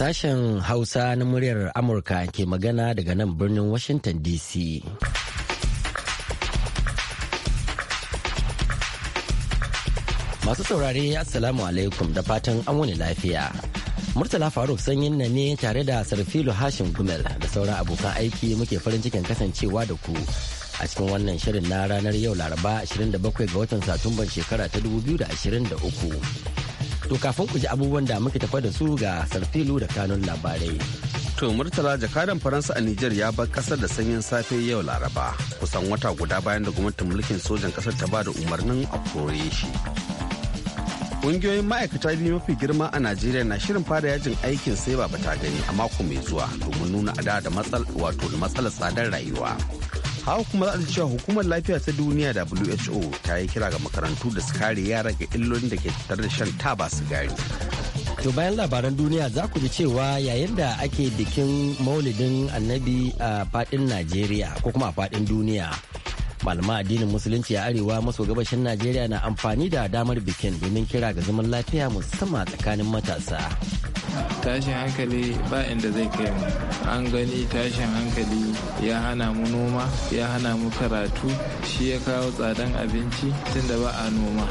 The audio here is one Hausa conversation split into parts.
sashen Hausa na muryar Amurka ke magana daga nan birnin Washington DC. Masu saurare Assalamu alaikum da fatan an wani lafiya. Murtala Faruk sanyin na ne tare da Sarfilu Hashim Gumel da sauran abokan aiki muke farin cikin kasancewa da ku a cikin wannan shirin na ranar yau Laraba 27 ga watan Satumban shekara ta 2023. To kafin ku ji abubuwan da muke tafa da su ga Sarfilu da kanun labarai. To Murtala jakadan Faransa a Nijar ya bar kasar da sanyin safe yau Laraba kusan wata guda bayan da gwamnatin mulkin sojan kasar ta ba da umarnin a kore shi. Ƙungiyoyin ma'aikata biyu mafi girma a Najeriya na shirin fara yajin aikin sai ba ta gani a mako mai zuwa domin nuna ada da matsal wato da matsalar tsadar rayuwa. haka kuma za a cewa hukumar lafiya ta duniya who ta yi kira ga makarantu da su kare yara ga illolin da ke tattare da shan taba sigari to bayan labaran duniya za ku ji cewa yayin da ake bikin maulidin annabi a fadin najeriya ko kuma a fadin duniya malama addinin musulunci a arewa maso gabashin najeriya na amfani da damar bikin domin kira ga zaman lafiya musamman tsakanin matasa tashin hankali ba inda zai kai mu an gani tashin hankali ya hana mu noma ya hana mu karatu shi ya kawo tsadan abinci tunda ba a noma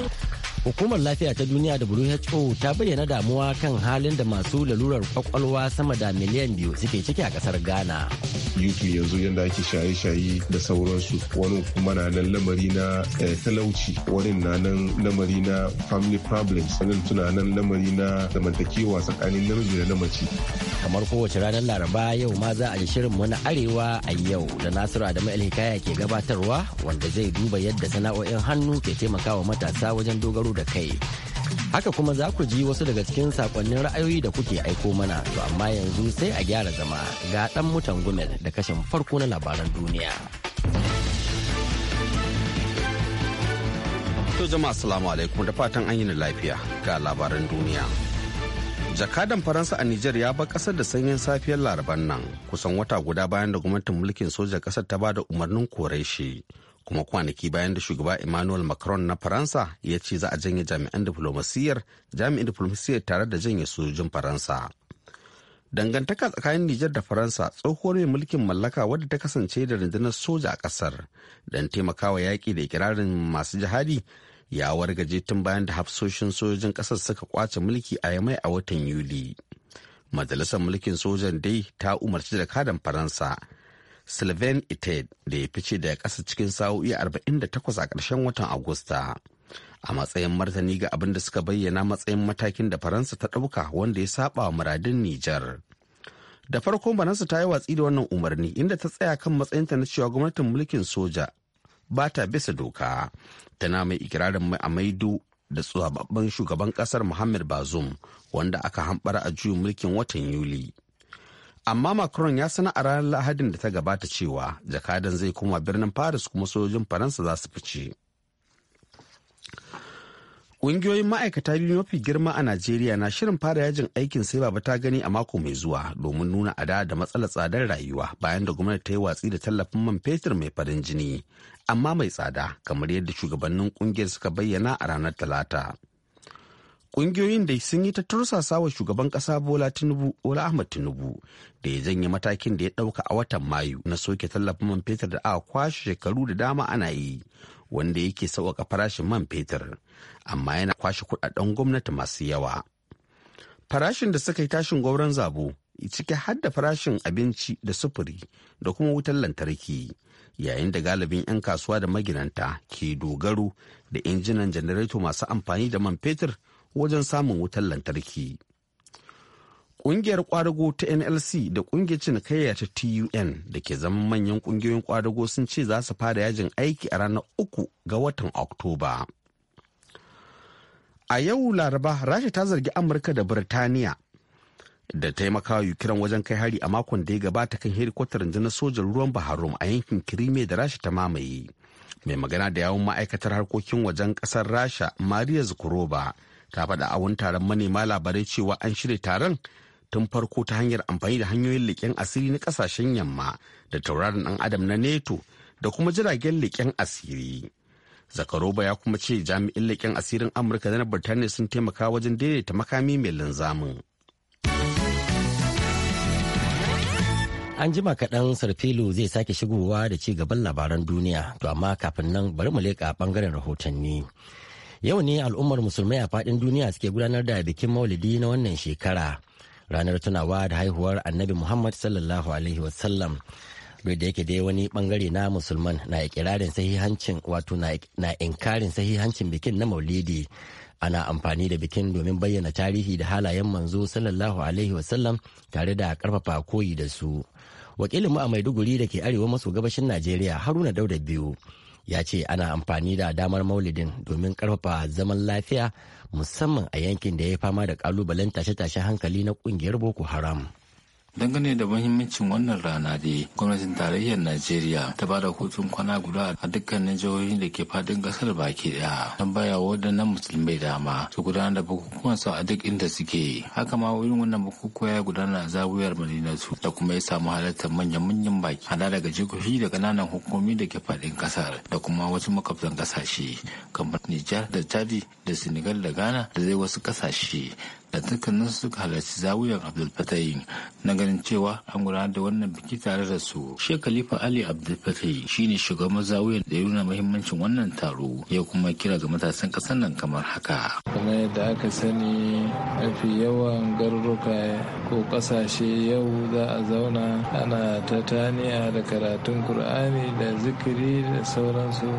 hukumar lafiya ta duniya da who ta bayyana damuwa kan halin da masu lalurar kwakwalwa sama da miliyan biyu suke ciki a kasar ghana youtube yanzu yadda ake shaye-shaye da sauransu wani kuma na nan lamari na eh, talauci wani na nan lamari na family problems wani tuna nan lamari na zamantakewa tsakanin namiji da na mace kamar kowace ranar laraba yau ma za a ji shirin mu arewa a yau da nasiru adamu hikaya ke gabatarwa wanda zai duba yadda sana'o'in hannu ke taimakawa matasa wajen dogaro karo da kai haka kuma za ku ji wasu daga cikin sakonnin ra'ayoyi da kuke aiko mana to amma yanzu sai a gyara zama ga ɗan mutan gumel da kashin farko na labaran duniya to jama'a assalamu alaikum da fatan an yi lafiya ga labaran duniya jakadan faransa a nijar ya ba kasar da sanyin safiyar laraban nan kusan wata guda bayan da gwamnatin mulkin sojan kasar ta ba da umarnin kore shi kuma kwanaki bayan da shugaba emmanuel macron na faransa ya ce za a janye jami'an diflomasiyyar jami'in diflomasiyyar tare da janye sojojin faransa dangantaka tsakanin nijar da faransa tsohuwar mai mulkin mallaka wadda ta kasance da rundunar soja a ƙasar don taimakawa yaƙi da ikirarin masu jihadi ya wargaje tun bayan da hafsoshin sojojin ƙasar suka kwace mulki a yamai a watan yuli majalisar mulkin sojan dai ta umarci da kadan faransa sylvain ited da ya fice da ƙasa cikin sa'o'i 48 a ƙarshen watan agusta a matsayin martani ga abin da suka bayyana matsayin matakin da faransa ta ɗauka wanda ya saba wa muradin nijar da farko faransa ta yi watsi da wannan umarni inda ta tsaya kan matsayinta na cewa gwamnatin mulkin soja ba ta bisa doka tana mai ikirarin mai amaido da tsohon shugaban kasar muhammad Bazoum wanda aka hambara a juyin mulkin watan yuli amma macron ya sana a ranar lahadin da ta gabata cewa jakadan zai koma birnin paris kuma sojojin faransa za su fice Ƙungiyoyin ma'aikata biyu mafi girma a Najeriya na shirin fara yajin aikin sai baba ta gani a mako mai zuwa domin nuna ada da matsalar tsadar rayuwa bayan da gwamnati ta yi watsi da tallafin man fetur mai farin jini amma mai tsada kamar yadda shugabannin ƙungiyar suka bayyana a ranar Talata. Ƙungiyoyin da sun yi ta tursasa wa shugaban ƙasa Bola Tinubu, Bola Ahmad Tinubu, da ya janye matakin da ya ɗauka a watan Mayu na soke tallafin man fetur da aka kwashe shekaru da dama ana yi, wanda yake sauƙaƙa farashin man fetur, amma yana kwashe kuɗaɗen gwamnati masu yawa. Farashin da suka yi tashin gwauron zabo, ciki har da farashin abinci da sufuri da kuma wutar lantarki yayin da galibin 'yan kasuwa da maginanta ke dogaro da injinan janareto masu amfani da man fetur wajen samun wutar lantarki. Ƙungiyar ƙwadago ta NLC da ƙungiyar cinikayya ta TUN da ke zama manyan ƙungiyoyin ƙwadago sun ce za su fara yajin aiki a ranar uku ga watan Oktoba. A yau Laraba, Rasha ta zargi Amurka da Birtaniya da taimakawa ukiran wajen kai hari a makon da ya gabata kan da na sojan ruwan Baharum a yankin Kirime da Rasha ta mamaye. Mai magana da yawun ma'aikatar harkokin wajen ƙasar Rasha, Maria Zukuroba, ta faɗa a wani taron manema labarai cewa an shirya taron tun farko ta hanyar amfani da hanyoyin leƙen asiri na ƙasashen yamma da tauraron ɗan adam na neto da kuma jiragen leƙen asiri zakaroba ya kuma ce jami'in leƙen asirin amurka da na birtaniya sun taimaka wajen daidaita makami mai linzamin an jima kaɗan sarfilo zai sake shigowa da ci gaban labaran duniya to amma kafin nan bari mu leƙa ɓangaren rahotanni Yau ne al'ummar musulmai a faɗin duniya suke gudanar da bikin maulidi na wannan shekara. Ranar tunawa da haihuwar annabi Muhammad sallallahu Alaihi wasallam. duk da yake dai wani bangare na musulman na ikirarin sahihancin wato na inkarin sahihancin bikin na maulidi ana amfani da bikin domin bayyana tarihi da halayen manzo sallallahu alaihi wasallam tare da karfafa koyi da su Wakilinmu a maiduguri da ke arewa maso gabashin najeriya haruna dauda biyu ya ce ana amfani da damar maulidin domin karfafa zaman lafiya musamman a yankin da ya fama da kalubalen tashe-tashen hankali na kungiyar boko haram dangane da muhimmancin wannan rana dai gwamnatin tarayyar najeriya ta ba da hutun kwana guda a dukkanin jihohin da ke fadin kasar baki daya don baya waɗannan musulmai dama su gudanar da bukukuwan su a duk inda suke haka ma wurin wannan bukukuwa ya gudana a zagayowar madinatu da kuma ya samu halartar manyan manyan baki hada daga jihohi da kananan hukumomi da ke fadin kasar da kuma wasu makwabtan kasashe kamar Nijar da Chadi da Senegal da Ghana da zai wasu kasashe da dukkanin suka halarci zawuyan abdul na ganin cewa an gudanar da wannan biki tare da su sheikh khalifa ali abdul fatai shine shugaban zawuyan da ya nuna muhimmancin wannan taro ya kuma kira ga matasan kasar nan kamar haka kamar yadda aka sani mafi yawan garuruka ko kasashe yau za a zauna ana ta taniya da karatun kur'ani da zikiri da sauransu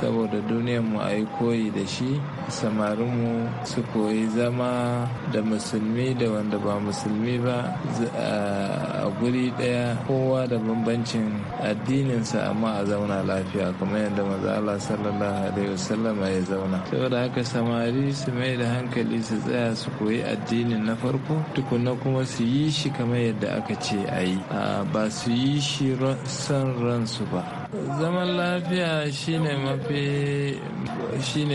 saboda duniyar mu a yi koyi da shi samarinmu su koyi zama da musulmi da wanda ba musulmi ba a guri ɗaya kowa da bambancin addininsa amma a zauna lafiya kamar yadda maza sallallahu alaihi wasallam ya zauna saboda haka samari su mai da hankali su tsaya su koyi addinin na farko tukuna kuma su yi shi kamar yadda aka ce a yi ba su yi shi son ransu ba zaman lafiya shine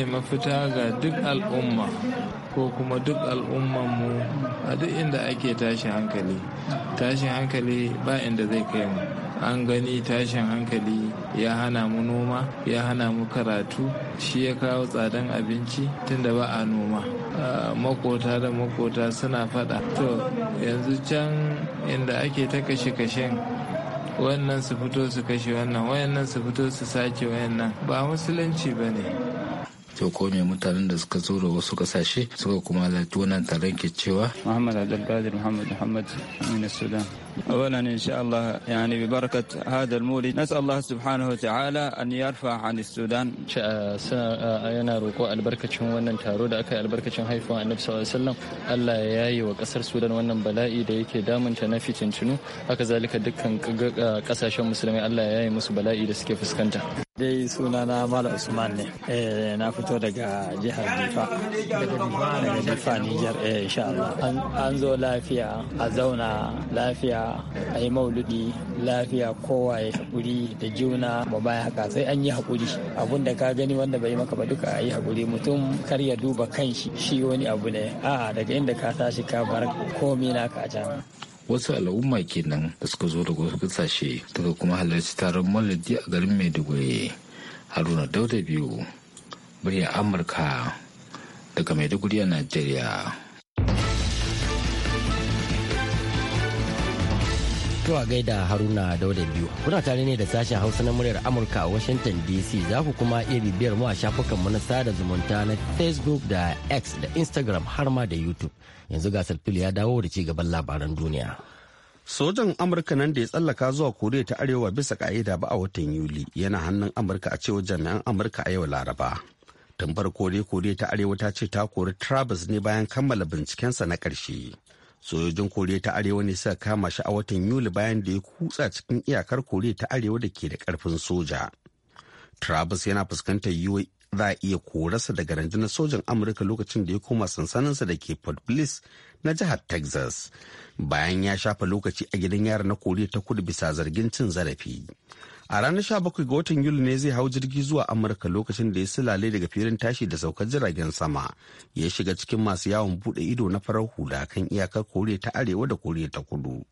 mafita ga duk al'umma ko kuma duk al'ummanmu a duk inda ake tashin hankali tashin hankali ba inda zai kai mu an gani tashin hankali ya hana mu noma ya hana mu karatu shi ya kawo tsadan abinci tunda ba a noma makota da makota suna fada to yanzu can inda ake ta kashe-kashen wannan su fito su kashe wannan wayannan su fito su sace wayannan ba musulunci ba ne to ko mutanen da suka zo da wasu kasashe suka kuma halarci wannan taron ke cewa muhammad abdulkadir muhammad muhammad na sudan أولا إن شاء الله يعني ببركة هذا المولد نسأل الله سبحانه وتعالى أن يرفع عن السودان yana roƙo albarkacin wannan taro da aka yi albarkacin haifuwa annabi sallallahu alaihi wasallam Allah ya yayi wa ƙasar Sudan wannan bala'i da yake damunta na ficincinu haka zalika dukkan ƙasashen musulmai Allah ya yayi musu da suke fuskanta dai suna na mala usman ne na fito daga jihar difa daga difa niger insha Allah an zo lafiya a zauna lafiya a yi mauludi lafiya kowa ya haƙuri da juna ba bayan haka sai an yi haƙuri abun da ka gani wanda bai maka ba duka a yi haƙuri mutum kar ya duba kanshi shi wani abu ne a'a daga inda ka tashi ka bar komai naka a can wasu al'umma kenan da suka zo daga wasu kasashe daga kuma halarci taron maladi a garin maiduguri haruna dauda biyu murya amurka daga maiduguri a najeriya To a gaida Haruna Dauda biyu. Kuna tare ne da sashen Hausa na muryar Amurka a Washington DC za ku kuma iya biyar mu a shafukan mu na sada zumunta na Facebook da X da Instagram har ma da YouTube. Yanzu ga Sarfil ya dawo da ci gaban labaran duniya. Sojan Amurka nan da ya tsallaka zuwa Koriya ta Arewa bisa ka'ida ba a watan Yuli yana hannun Amurka a cewar jami'an Amurka a yau Laraba. tambar kore-kore ta Arewa ta ce ta kori Travis ne bayan kammala bincikensa na ƙarshe. sojojin koriya ta arewa ne suka kama shi a watan yuli bayan da ya kutsa cikin iyakar koriya ta arewa da ke da karfin soja travis yana fuskantar yiwuwar za a iya korarsa daga rundunar sojan amurka lokacin da ya koma sansaninsa da ke fort bliss na jihar texas bayan ya shafa lokaci a gidan yara na koriya ta kudu bisa zargin cin zarafi a ranar 17 ga watan yuli ne zai hau jirgi zuwa amurka lokacin da ya silale daga filin tashi da saukar jiragen sama ya shiga cikin masu yawon bude ido na farar hula kan iyakar koriya ta arewa da koriya ta kudu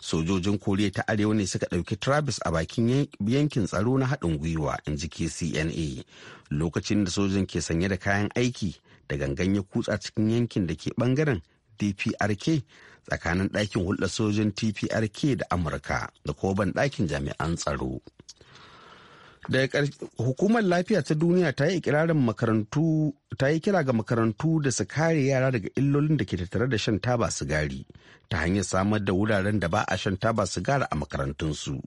sojojin koriya ta arewa ne suka ɗauki travis a bakin yankin tsaro na haɗin gwiwa in ji kcna lokacin da sojin ke sanye da kayan aiki da gangan ya kutsa cikin yankin da ke bangaren dprk tsakanin ɗakin hulɗa sojin tprk da amurka da koban ɗakin jami'an tsaro daga hukumar lafiya ta duniya ta yi ikirarin makarantu kira ga makarantu da su kare yara daga illolin da ke tattare da shan taba sigari ta hanyar samar da wuraren da ba a shan taba sigari a makarantunsu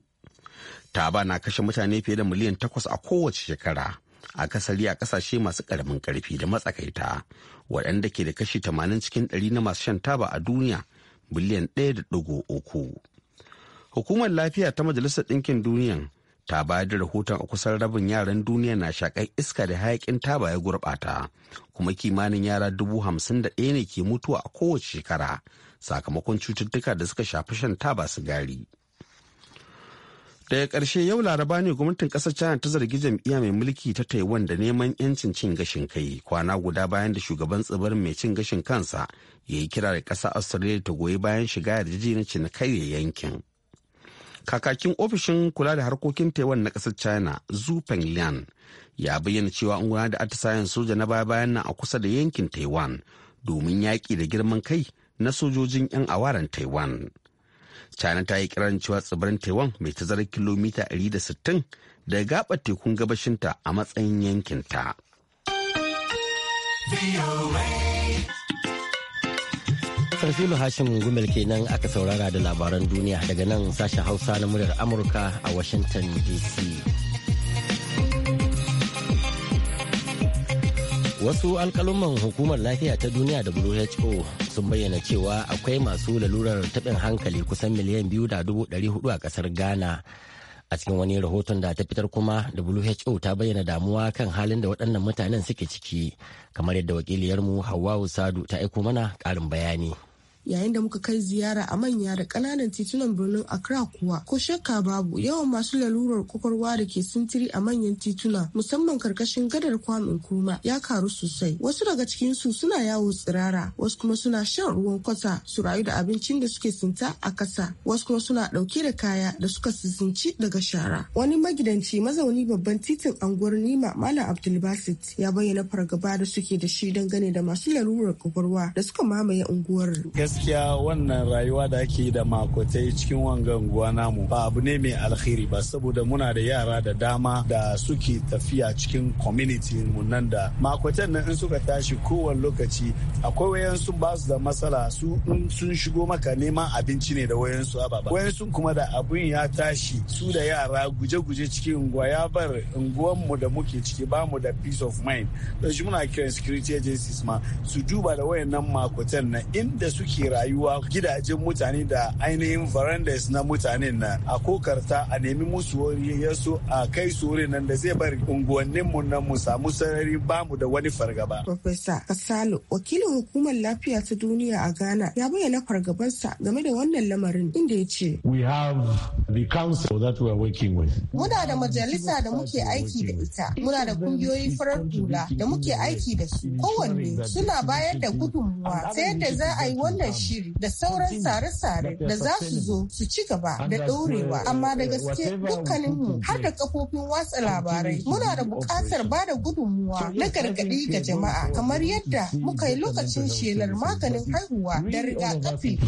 taba na kashe mutane fiye da miliyan takwas a kowace shekara akasari a kasashe masu karamin karfi da matsakaita waɗanda ke da kashi 80 cikin 100 na masu shan taba a duniya biliyan 1.3 hukumar lafiya ta majalisar ɗinkin duniya ta bayar da rahoton a kusan rabin yaran duniya na shaƙar iska da hayakin taba ya gurbata kuma kimanin yara dubu hamsin da ɗaya ne ke mutuwa a kowace shekara sakamakon cututtuka da suka shafi shan taba sigari. gari daga ƙarshe yau laraba ne gwamnatin ƙasar china ta zargi jam'iyya mai mulki ta taiwan da neman yancin cin gashin kai kwana guda bayan da shugaban tsibirin mai cin gashin kansa ya yi kira da ƙasa australia ta goyi bayan shiga yarjejeniyar ya yankin kakakin ofishin kula da harkokin taiwan na kasar china zu lian ya bayyana cewa an gudanar da atisayen soja na baya bayan nan a kusa da yankin taiwan domin yaƙi da girman kai na sojojin 'yan awaran taiwan china ta yi kiran cewa tsibirin taiwan mai tazarar kilomita 160 da gabar tekun gabashinta a matsayin yankinta sarfilu hashim gumel kenan aka saurara da labaran duniya daga nan sashen hausa na muryar amurka a washington dc wasu alkaluman hukumar lafiya ta duniya da who sun bayyana cewa akwai masu lalurar taɓin hankali kusan miliyan biyu da dubu ɗari hudu a ƙasar ghana a cikin wani rahoton da ta fitar kuma who ta bayyana damuwa kan halin da waɗannan mutanen suke ciki kamar yadda wakiliyarmu hawwa sadu ta aiko mana ƙarin bayani yayin da muka kai ziyara a manya da ƙananan titunan birnin accra kuwa ko shakka babu yawan masu lalurar kwakwalwa da ke sintiri a manyan tituna musamman karkashin gadar kwamin Nkrumah ya karu sosai wasu daga cikin su suna yawo tsirara wasu kuma suna shan ruwan kwata su rayu da abincin da suke sinta a ƙasa, wasu kuma suna ɗauke da kaya da suka sisinci daga shara wani magidanci mazauni babban titin anguwar nima malam abdulbasit ya bayyana fargaba da suke da shi dangane da masu lalurar kwakwalwa da suka mamaye unguwar gaskiya wannan rayuwa da ake yi da makotai cikin wangan guwa namu ba abu ne mai alkhairi ba saboda muna da yara da dama da suke tafiya cikin community mu nan da makotan nan in suka tashi kowane lokaci akwai wayansu ba su da matsala su in sun shigo maka neman abinci ne da wayansu ababa wayansu kuma da abun ya tashi su da yara guje-guje cikin unguwa ya bar mu da muke ciki ba mu da peace of mind don shi muna kiran security agencies ma su duba da wayannan makotan na inda suke ake rayuwa gidajen mutane da ainihin verandas na mutanen na. a kokarta a nemi musu wuri yasu a kai su nan da zai bari unguwannin mu nan mu samu sarari bamu da wani fargaba. Profesa Kasalo wakilin hukumar lafiya ta duniya a Ghana ya bayyana fargabansa game da wannan lamarin inda ya ce. We have the council that we are working with. Muna da majalisa da muke aiki da ita. Muna da kungiyoyi farar hula da muke aiki da su. Kowanne suna bayar da gudunmuwa ta yadda za a yi wannan shiri da sauran tsare-tsare da za su zo su ci gaba da ɗorewa. Amma da eh, gaske dukkaninmu har da kafofin watsa labarai muna da buƙatar ba da gudunmuwa na gargaɗi ga jama'a kamar yadda muka yi lokacin shelar maganin haihuwa da rigakafi.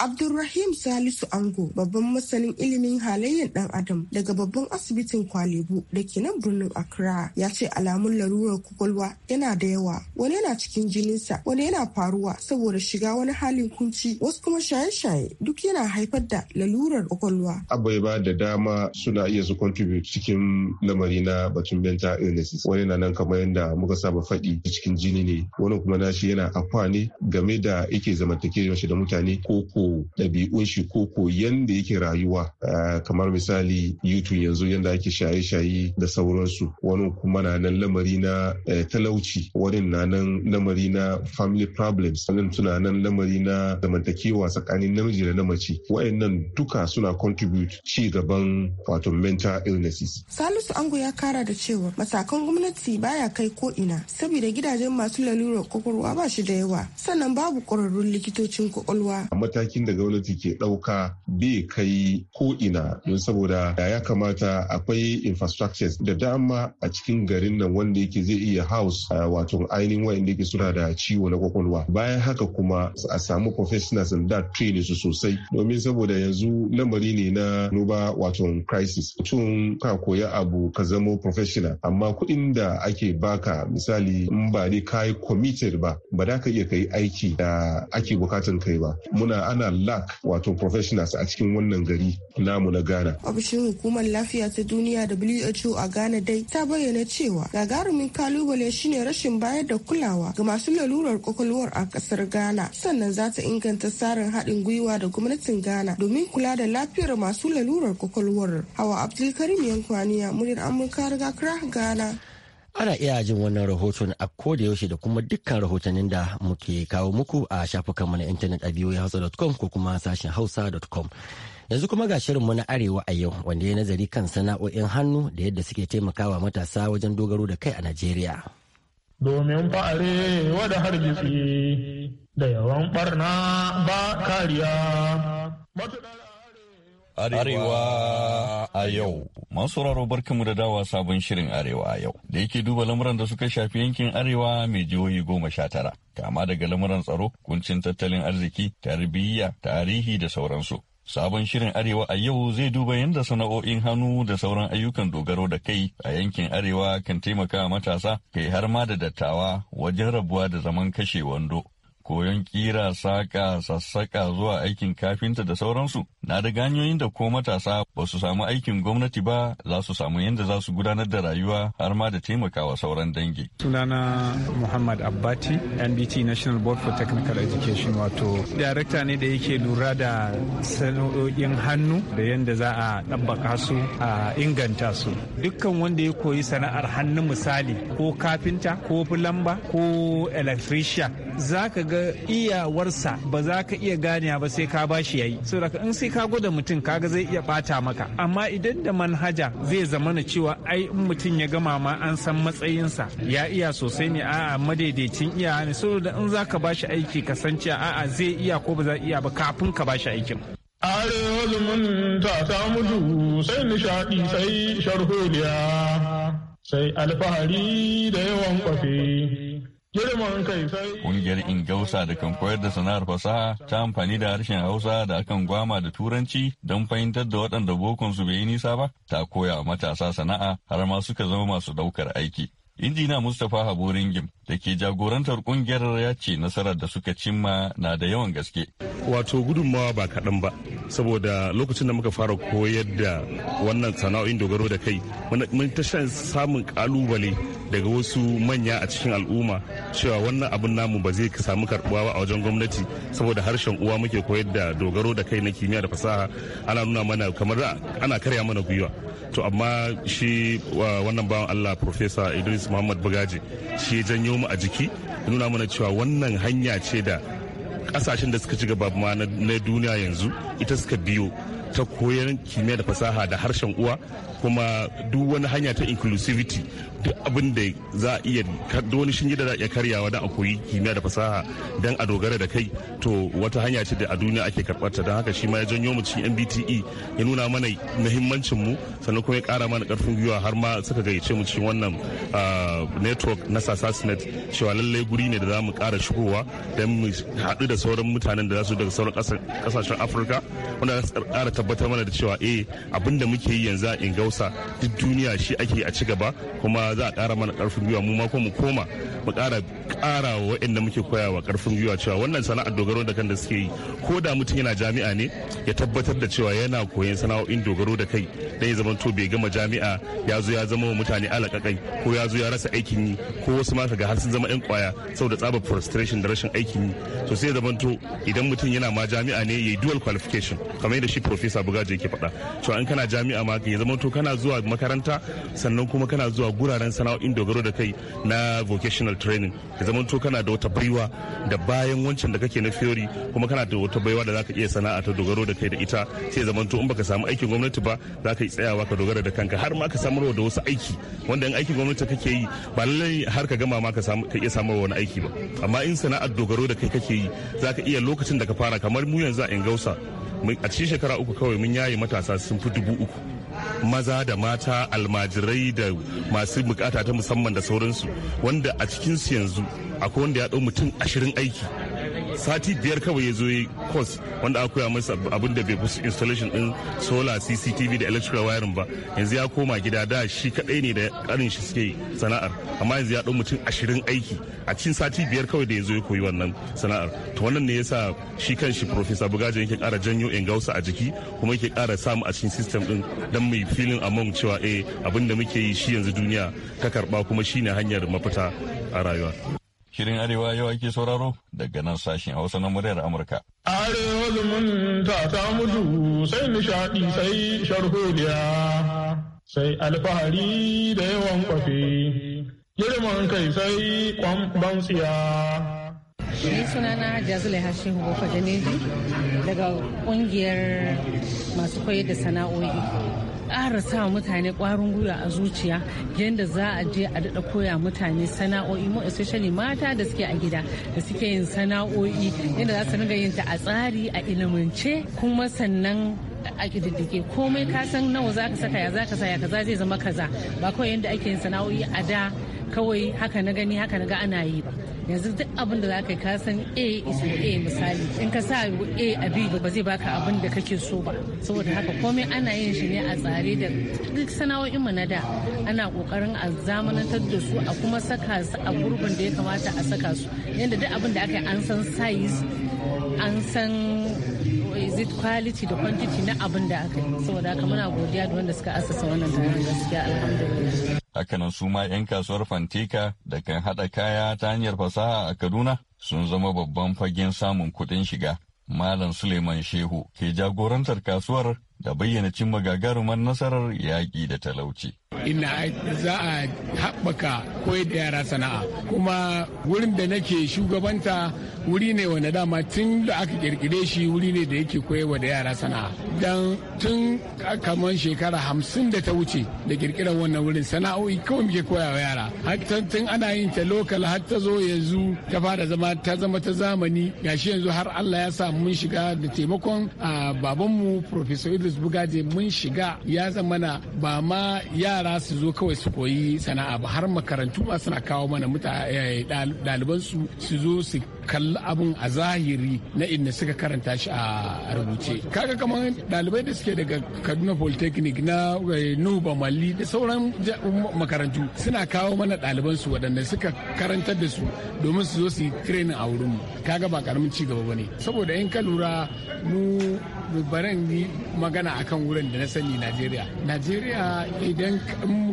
Abdulrahim Salisu Ango babban masanin ilimin halayyar ɗan Adam daga babban asibitin Kwalebu da ke nan birnin Accra ya ce alamun larurar kwakwalwa yana da yawa wani yana cikin jininsa wani yana faruwa saboda shiga wani halin kunci wasu kuma shaye-shaye duk yana haifar da lalurar kwakwalwa. Abai ba da dama suna iya su contribute cikin lamari na batun mental illnesses wani na nan kamar yadda muka saba faɗi cikin jini ne wani kuma nashi yana akwa ne game da yake zamantake shi da mutane ko ko ɗabi'un shi ko ko yanda yake rayuwa ah, kamar misali youtube yanzu yanda ake shaye-shaye da sauransu wani kuma na nan lamari na eh, talauci wani na nan lamari na family problems wani suna nan lamari na zamantakewa tsakanin namiji da na mace wayannan duka suna contribute ci gaban wato mental illnesses salisu ango ya kara da cewa matakan gwamnati baya kai ko ina saboda gidajen masu lalurar kwakwalwa ba shi da yawa sannan babu ƙwararrun likitocin kwakwalwa A matakin da gwamnati ke ɗauka bai kai ko ina don saboda ya kamata akwai infrastructures da dama a cikin garin nan wanda yake zai iya house wato ainihin wa'inda yake suna da ciwo na kwakwalwa bayan haka kuma a samu professionals da train su sosai domin saboda yanzu lamari ne na noba wato crisis mutum ka koya abu ka zama professional amma kuɗin da ake baka misali in ba ne ka yi committed ba ba da ka iya kai aiki da ake bukatan kai ba muna ana lack wato professionals a cikin wannan gari namu na ghana ofishin hukumar lafiya ta duniya who a gana dai ta bayyana cewa gagarumin kalubale shine rashin bayar da kulawa ga masu lalurar kwakwalwar a kasar ghana sannan za ta inganta tsarin haɗin gwiwa da gwamnatin ghana domin kula da lafiyar masu lalurar kwakwalwar hawa abdulkarim yankwaniya muryar amurka daga kra ghana ana iya jin wannan rahoton a koda yaushe da kuma dukkan rahotannin da muke kawo muku a shafukan na intanet a voahausa.com ko kuma sashen hausa.com yanzu kuma ga shirinmu na arewa a yau wanda ya nazari kan sana'o'in hannu da yadda suke taimakawa matasa wajen dogaro da kai a najeriya domin fa'are da hargitsi da yawan barna ba kariya. Arewa a yau. Masu raro da dawa sabon shirin Arewa a yau. Da yake duba lamuran da suka shafi yankin Arewa mai jihohi goma sha tara. Kama daga lamuran tsaro, kuncin tattalin arziki, tarbiyya, tarihi da sauransu. Sabon shirin Arewa a yau zai duba yadda sana'o'in hannu da sauran ayyukan dogaro da kai a yankin Arewa kan taimaka matasa kai har ma da dattawa wajen rabuwa da zaman kashe wando koyon kira saka sassaƙa zuwa aikin kafinta da sauransu na da ganyoyin da ko matasa ba su samu aikin gwamnati ba za su samu yadda za su gudanar da rayuwa har ma da taimakawa sauran dangi. sunana muhammad abbati nbt national board for technical education wato darakta ne da yake lura da sana'o'in hannu da yadda za a ɗabbaka su a inganta su dukkan wanda ya koyi sana'ar hannu misali ko kafinta ko fulamba ko electrician za ka ga iyawarsa ba za ka iya gane ba sai ka bashi yayi saboda in sai ka gwada mutum ka ga zai iya bata maka amma idan da manhaja zai zama na cewa ai in mutum ya gama ma an san matsayinsa ya iya sosai ne a'a madaidaicin iya ne saboda in za ka bashi aiki ka san cewa a'a zai iya ko ba za iya ba kafin ka bashi aikin arewa zumunta ta mutu sai nishaɗi sai sharholiya sai alfahari da yawan kwafe Ƙungiyar Ingausa da kan koyar da sana'ar fasaha ta amfani da harshen Hausa da akan gwama da Turanci don fahimtar da waɗanda bokon su bai nisa ba, ta koya wa matasa sana'a har ma suka zama masu ɗaukar aiki. Injina Mustapha Habu Ringim da ke jagorantar kungiyar ya ce nasarar da suka cimma na da yawan gaske. Wato gudunmawa ba kaɗan ba, saboda lokacin da muka fara koyar da wannan sana'o'in dogaro da kai, mun ta samun kalubale daga wasu manya a cikin al'umma cewa wannan abin namu ba zai samu karbuwa ba a wajen gwamnati saboda harshen uwa muke koyar da dogaro da kai na kimiyya da fasaha ana nuna mana kamar ana karya mana gwiwa to amma shi wannan bawan Allah profesa Idris Muhammad Bugaji shi ya janyo mu a jiki nuna mana cewa wannan hanya ce da kasashen da suka ci gaba ma na duniya yanzu ita suka biyo ta koyon kimiyya da fasaha da harshen uwa kuma duk wani hanya ta inclusivity duk abin da za a iya wani shinge da za a iya karyawa da a koyi kimiyya da fasaha don a dogara da kai to wata hanya ce da a duniya ake karbar ta don haka shi ma ya janyo mu cikin MBTE ya nuna mana muhimmancin mu sannan kuma ya kara mana karfin gwiwa har ma suka gayyace mu cikin wannan ah, network na Sasasnet cewa lallai guri ne da za mu kara shigowa don mu haɗu da sauran mutanen da za su daga sauran kasashen Afirka wanda za su kara tabbatar mana da cewa eh abin da muke yi yanzu a Ingausa duk duniya shi ake a ci gaba kuma za a ƙara mana ƙarfin gwiwa mu ma ko mu koma mu ƙara ƙara wa waɗanda muke koyawa ƙarfin gwiwa cewa wannan sana'ar dogaro da kan da suke yi ko da mutum yana jami'a ne ya tabbatar da cewa yana koyon sana'o'in dogaro da kai dan ya zama to bai gama jami'a ya zo ya zama wa mutane alaƙaƙai ko ya zo ya rasa aikin yi ko wasu ma ga har sun zama 'yan kwaya saboda tsaba frustration da rashin aikin yi to sai ya zama to idan mutum yana ma jami'a ne ya yi dual qualification kamar yadda shi professor bugaje yake faɗa cewa in kana jami'a ma ya zama to kana zuwa makaranta sannan kuma kana zuwa gurare wuraren sana'o'in dogaro da kai na vocational training ka zama to kana da wata baiwa da bayan wancan da kake na theory kuma kana da wata baiwa da zaka iya sana'a ta dogaro da kai da ita sai zama to in baka samu aikin gwamnati ba zaka yi tsayawa ka dogara da kanka har ma ka samu da wasu aiki wanda in aikin gwamnati kake yi ba lallai har ka gama ma ka samu ka iya samu wani aiki ba amma in sana'ar dogaro da kai kake yi zaka iya lokacin da ka fara kamar mu yanzu a ingausa a cikin shekara uku kawai mun yaye matasa sun fi dubu uku maza da mata almajirai da masu bukata ta musamman da sauransu wanda a cikinsu yanzu akwai wanda ya ɗau mutum ashirin aiki sati biyar kawai ya zo yi course wanda aka koya masa abin da bai fi installation din solar cctv da electrical wiring ba yanzu ya koma gida da shi kadai ne da karin shi suke sana'ar amma yanzu ya dau mutum ashirin aiki a cikin sati biyar kawai da ya zo ya koyi wannan sana'ar to wannan ne yasa shi kan shi professor bugajen yake kara janyo gausa a jiki kuma yake kara samu a cikin system din dan mai filin among cewa eh abin da muke yi shi yanzu duniya ta karba kuma shine hanyar mafita a rayuwa Shirin Arewa yau ake sauraro daga nan sashen Hausa na muryar Amurka. Arewa zumunta ta mutu sai nishaɗi sai sharholiya sai alfahari da yawan kwafe. Girman kai sai kwamban tsiya. Ni sunana Jazile Hashim Gofa Janeji daga kungiyar masu koyar da sana'o'i. ƙara sa mutane ƙwarin gwiwa a zuciya yadda za a je a daɗa koya mutane sana'o'i mu especially mata da suke a gida da suke yin sana'o'i yadda za su riga yin ta a tsari a ilimance kuma sannan a ƙididdige komai ka san nawa za ka saka ya za ka sa ya kaza zai zama kaza ba kawai yadda ake yin sana'o'i a da kawai haka na gani haka na ga ana yi ba yanzu duk abin da za ka yi ka san a is a misali in ka sa a a b ba zai baka abin da kake so ba saboda haka komai ana yin shi ne a tsare da duk sana'o'in mu na da ana kokarin a zamanantar da su a kuma saka su a gurbin da ya kamata a saka su yadda duk abin da aka yi an san size an san is it quality da quantity na abin da aka yi saboda haka muna godiya da wanda suka asasa wannan taron gaskiya alhamdulillah Hakanan su ma 'yan kasuwar Fanteka da kan haɗa kaya ta hanyar fasaha a Kaduna sun zama babban fagen samun kuɗin shiga. Malam Suleiman Shehu ke jagorantar kasuwar da bayyana cimma gagarumar nasarar yaƙi da talauci. Ina za a haɓaka koyar da yara sana'a kuma wurin da nake shugabanta wuri ne wanda dama tun da aka kirkire shi wuri ne da yake koyarwa da yara sana'a don tun kamar shekara hamsin da ta wuce da kirkirar wannan wurin sana'o'i kawai muke koya wa yara hatta tun ana yin ta lokal har ta zo yanzu ta fara zama ta zama ta zamani gashi yanzu har Allah ya sa mun shiga da taimakon ah, babanmu Professor idris bugaje mun shiga ya zamana ba ma yara su zo kawai su koyi sana'a ba har makarantu ma suna kawo mana mutane eh, ɗalibansu su zo su kalli abun a zahiri na inda suka karanta shi a rubuce kaga kamar dalibai da suke daga kaduna polytechnic na eh, nuba mali da sauran makarantu suna kawo mana ɗaliban su waɗanda suka karantar da su domin su zo su yi training a wurinmu kaga ba karamin ci gaba bane saboda in ka lura mu baran yi magana akan wurin da na sani najeriya najeriya idan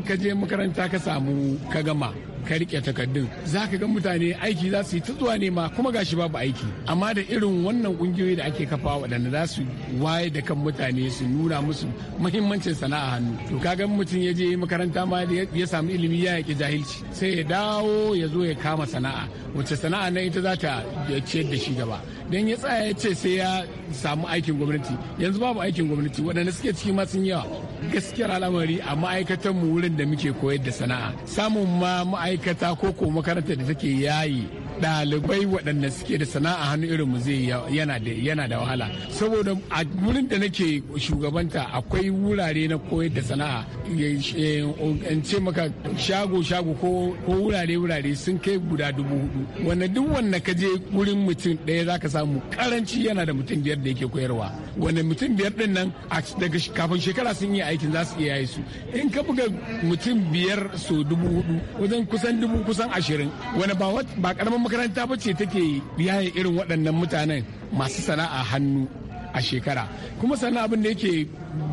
ka je makaranta ka samu ka gama ka rike takardun za ka ga mutane aiki za su yi ta zuwa nema kuma gashi babu aiki amma da irin wannan kungiyoyi da ake kafa waɗanda za su waye da kan mutane su nuna musu muhimmancin sana'a hannu to ka ga mutum ya je makaranta ma ya samu ilimi ya yaki jahilci sai ya dawo ya zo ya kama sana'a wacce sana'a nan ita za ta ciyar da shi gaba dan ya tsaya ya ce sai ya samu aikin gwamnati yanzu babu aikin gwamnati waɗanda suke ciki ma sun yawa gaskiyar al'amari a mu wurin da muke koyar da sana'a samun ma ma'aikatan ma'aikata ko ko makaranta da take yayi ɗalibai waɗanda suke da sana'a hannu irin mu zai yana da yana da wahala saboda a wurin da nake shugabanta akwai wurare na koyar da sana'a eh, eh, in ce maka shago shago ko wurare wurare sun kai guda dubu hudu wanda duk wanda ka je wurin mutum ɗaya zaka samu karanci yana da mutum biyar da yake koyarwa wanda mutum biyar din nan daga kafin shekara sun yi aikin za su iya yi su in ka buga mutum biyar so dubu hudu wajen kusan dubu kusan ashirin wani ba karamin makaranta ba ce take yaye irin waɗannan mutanen masu sana'a hannu a shekara kuma sannan abin da yake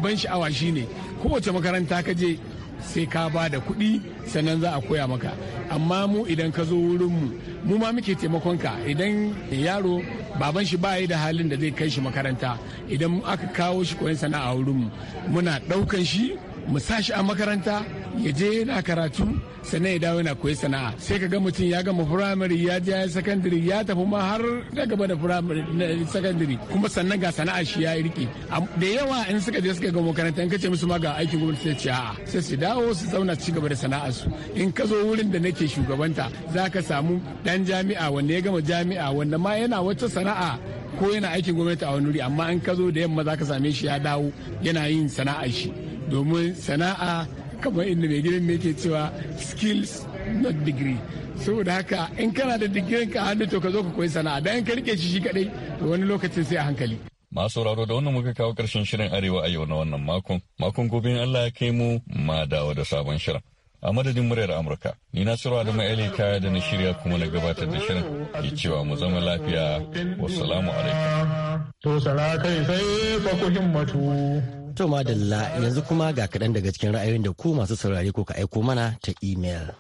ban sha'awa shine kowace makaranta ka je sai ka ba da kuɗi sannan za a koya maka amma mu idan ka zo wurinmu mu ma muke taimakon ka idan yaro baban shi ba yi da halin da zai kai shi makaranta idan aka kawo shi koyon sana'a wurinmu muna ɗaukan shi mu sa shi a makaranta ya je yana karatu sannan ya dawo yana koyi sana'a sai ka ga mutum ya gama firamare ya je ya sakandare ya tafi ma har na gaba da firamare sakandare kuma sannan ga sana'a shi ya rike da yawa in suka je suka ga makaranta in ce musu ma ga aikin gwamnati sai ce a'a sai su dawo su zauna ci gaba da sana'a su in ka zo wurin da nake shugabanta za ka samu dan jami'a wanda ya gama jami'a wanda ma yana wata sana'a ko yana aikin gwamnati a wani wuri amma in ka zo da yamma za ka same shi ya dawo yana yin sana'a shi domin sana'a kamar inda mai gidan ne ke cewa skills not degree saboda haka in kana da digirin ka hannu to ka zo ka koyi sana'a dan ka rike shi shi kadai to wani lokacin sai a hankali masu sauraro da wannan muka kawo karshen shirin arewa a yau na wannan makon makon gobe in Allah ya kai mu ma dawo da sabon shirin a madadin muryar amurka ni na sura da ma'ali kaya da na shirya kuma na gabatar da shirin ke cewa mu zama lafiya wasu alaikum to sara kai sai To madalla yanzu kuma ga kaɗan daga cikin ra'ayoyin da ku masu saurare ko ka aiko mana ta imel.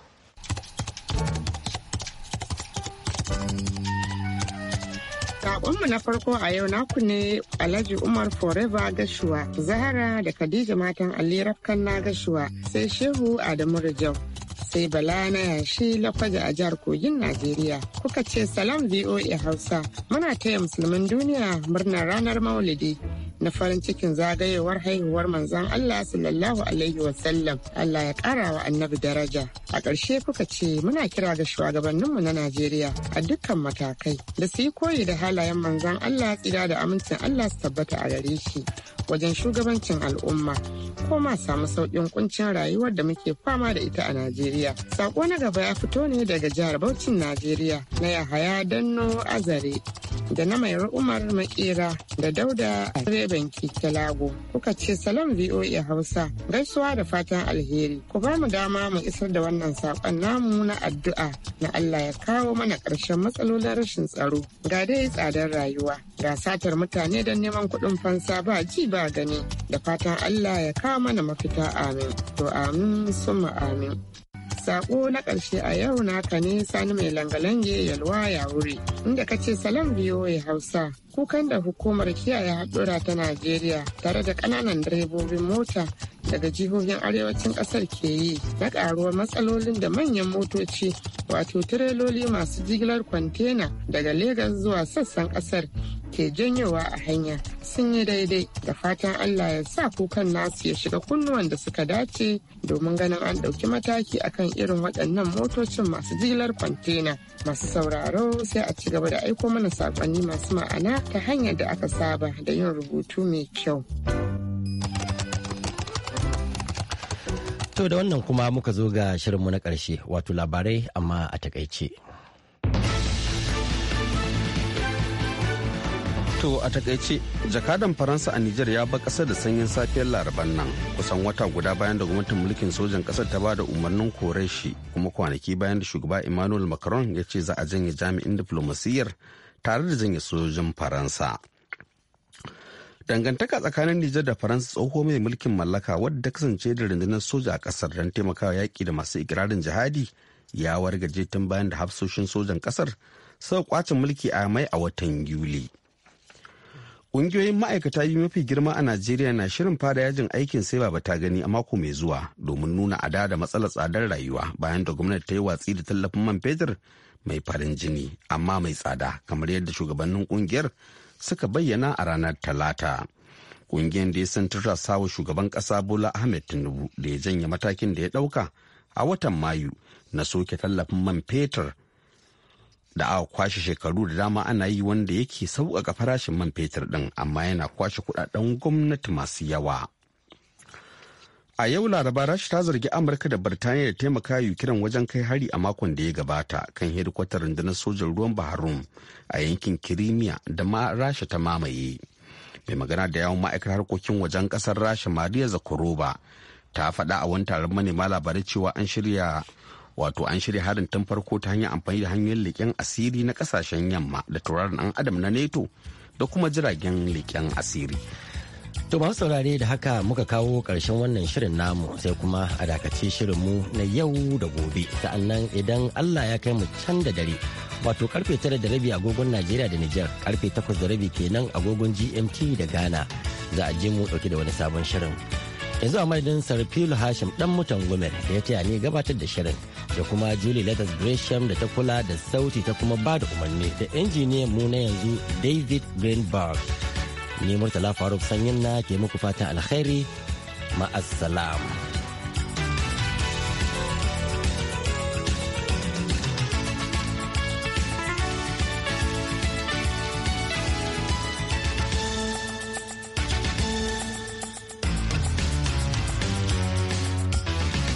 mu na farko a yau naku ne Alhaji Umar Forever gashua Zahara da Khadija matan Ali rafkanna na Gashuwa, sai Shehu Adamu Rijau. sai bala na yashi lafaja a jihar kogin najeriya kuka ce salam voa hausa muna taya musulmin duniya murnar ranar maulidi na farin cikin zagayewar haihuwar manzan Allah sallallahu alaihi wasallam Allah ya ƙara wa annabi daraja a ƙarshe kuka ce muna kira ga shugabanninmu na Najeriya a dukkan matakai da su yi koyi da halayen manzan Allah tsira da amincin Allah su tabbata a gare shi wajen shugabancin al'umma ko ma samu sauƙin kuncin rayuwar da muke fama da ita a Najeriya. Sako na gaba ya fito ne daga jihar Bauchin Najeriya na Yahaya Danno Azare da na mai Umar Makera da Dauda Reben Kikelago. Kuka ce salam VOA Hausa gaisuwa da fatan alheri. Ku ba mu dama mu isar da wannan saƙon namu na addu'a na Allah ya kawo mana ƙarshen matsalolin rashin tsaro. Ga dai tsadar rayuwa, ga satar mutane don neman kuɗin fansa ba ji ba gani da fatan Allah ya kawo mana mafita amin to amin summa amin sako na ƙarshe a yau naka ne sani mai langalange yalwa ya wuri inda ka ce salam biyo ya hausa kukan da hukumar kiyaye haɗura ta najeriya tare da ƙananan direbobin mota daga jihohin arewacin ƙasar ke yi na ƙaruwar matsalolin da manyan motoci wato tireloli masu jigilar kwantena daga Legas zuwa sassan ƙasar ke janyowa a hanya sun yi daidai da fatan allah ya sa kukan nasu ya shiga kunnuwan da suka dace domin ganin an ɗauki mataki akan irin waɗannan motocin masu jigilar kwantena masu sauraro sai a ci gaba da aiko mana saƙonni masu ma'ana ta hanyar da aka saba da yin rubutu mai kyau. To da wannan kuma muka zo ga shirinmu na ƙarshe wato labarai amma a takaice. To a takaice jakadan Faransa a Nijar ya ba ƙasar da sanyin safiyar laraban nan kusan wata guda bayan da gwamnatin mulkin sojan ƙasar ta ba da umarnin korar shi kuma kwanaki bayan da shugaba Emmanuel Macron ya ce za a janye jami'in diflomasiyyar tare da janye sojojin faransa dangantaka tsakanin nijar da faransa tsoho mai mulkin mallaka wadda ta kasance da rundunar soja a kasar don taimakawa yaƙi da masu ikirarin jihadi ya wargaje tun bayan da hafsoshin sojan kasar sau kwace mulki a mai a watan yuli Ƙungiyoyin ma'aikata biyu mafi girma a Najeriya na shirin fara yajin aikin sai ba ta gani a mako mai zuwa domin nuna ada da matsalar tsadar rayuwa bayan da gwamnati ta yi watsi da tallafin man fetur mai farin jini amma mai tsada kamar yadda shugabannin kungiyar suka bayyana a ranar talata kungiyar da ya san sawa shugaban kasa bola ahmed tinubu da ya janye matakin da ya dauka a watan mayu na soke tallafin man fetur da aka kwashe shekaru da dama ana yi wanda yake sauƙaƙa farashin man fetur ɗin amma yana kwashe kuɗaɗen gwamnati masu yawa a yau laraba rashi ta zargi amurka da birtaniya da taimaka ukiran wajen kai hari a makon da ya gabata kan hedikwatar rundunar sojan ruwan baharum a yankin kirimiya da ma rasha ta mamaye mai magana da yawon ma'aikatar harkokin wajen kasar rasha maria zakoroba ta faɗa a wani taron manema labarai cewa an shirya wato an shirya harin tun farko ta hanyar amfani da hanyoyin leƙen asiri na ƙasashen yamma da turaren ɗan adam na neto da kuma jiragen leƙen asiri To masu saurare da haka muka kawo ƙarshen wannan shirin namu sai kuma a dakace mu na yau da gobe sa'annan idan Allah ya kai mu can da dare wato karfe tara da rabi agogon Najeriya da Nijar karfe takwas da rabi kenan agogon GMT da Ghana za a je mu dauke da wani sabon shirin. Yanzu a madadin Sarfilu Hashim dan mutan Gomer da ya taya ni gabatar da shirin da kuma Julie Letters Gresham da ta kula da sauti ta kuma ba da umarni da injiniyan mu na yanzu David Greenberg. ni murtala faruk sanyin na ke muku fatan alkhairi ma'assalam.